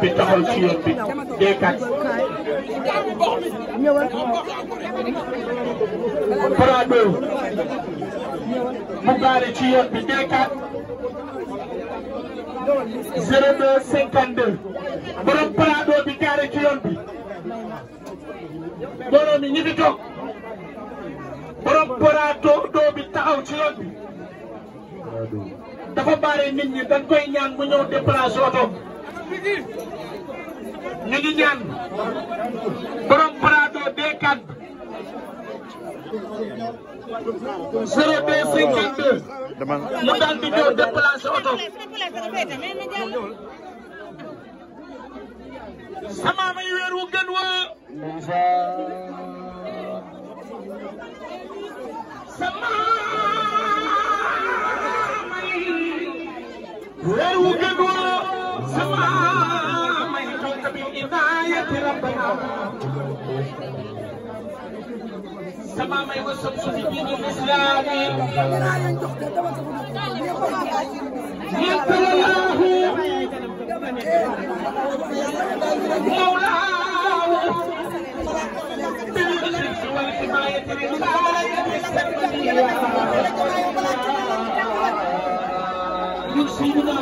bi taxaw ci yoon bi Prado mu gaare ci yoon bi nekkaat 02 52 borom Prado bi gaare ci yoon bi borom mi ñi fi doo bi taxaw ci yoon bi dafa baare nit ñi dañ ñaan mu ñëw déplacer oto ñu ngi ñaan borom Prado B4 0252 mu daal oto sama may weer wu بعناية ربنا تمام أيوة شمس الدين الإسلامي يقبل الله مولاه بالعزة والحماية للغاية السلمية يرشدنا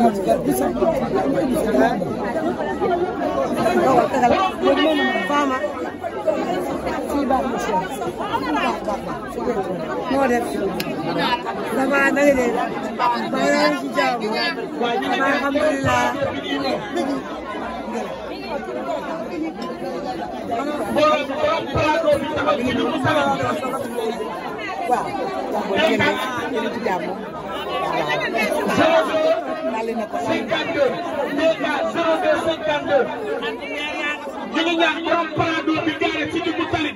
moo def dafa naka de maa ngi leen si jàmm alhamdulilah. waaw waaw boo jëlee jëlee ci jàmm 52 52 ñu ngi ñaax borom parado bi jaare ci diggu tali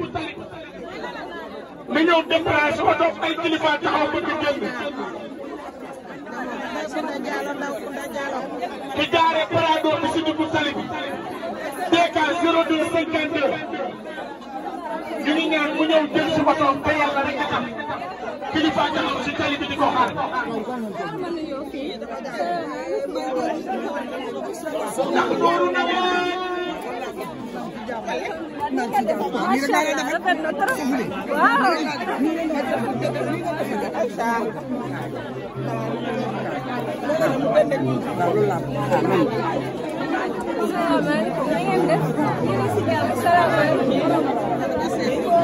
mi ñëw ay kilifa taxaw bëgg génn di jaare parado bi ci diggu tali bi DK 02 52 kilifa taxaw si tali bi di na Salaamaaleykum, na ngeen Nanti. Ñu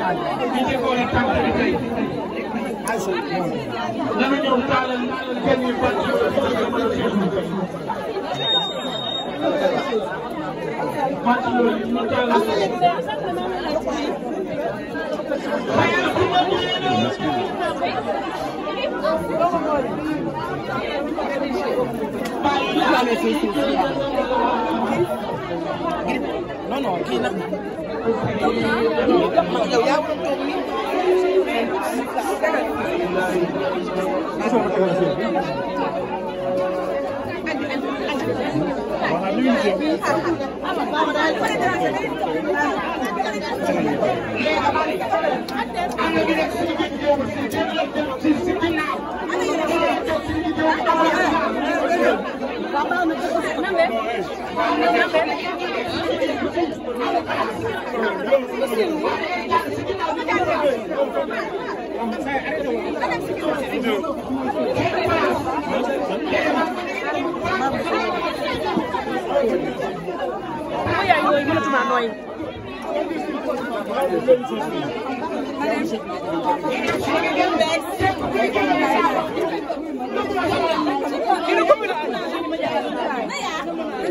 Não, não, wala não. bi tey dana não taalal benn parti mën a teewlu Mati loolu ñu taalal não não não yow yaa waroon toog nii. Thank you. Ôi à người mà chúng ta nói Thank you.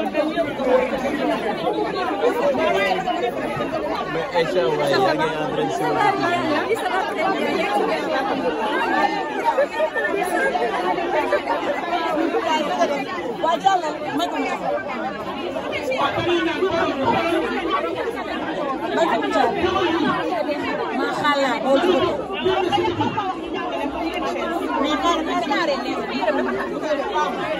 mais Aïcha waaye yaa ngi en train si ma xala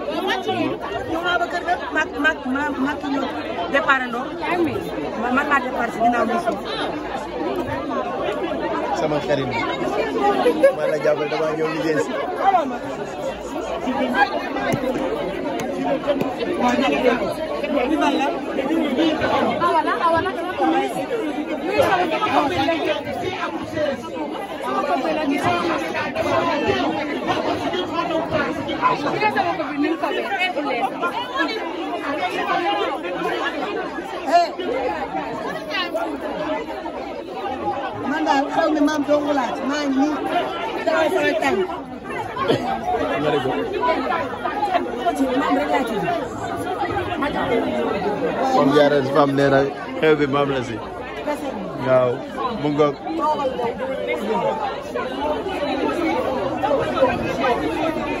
ñoom Babacar nag mag mag mag mag ki ñëw départ ndox man maa départ si ginnaaw bi suuf. sama xarit bi man la jàppale damaa ñëw liggéey si. man daal xaw ma maam dong laaj maa ngi nii daaw sama tànk. kon jaaree si femme nee na xew bi maam la si. waaw mu ngoog.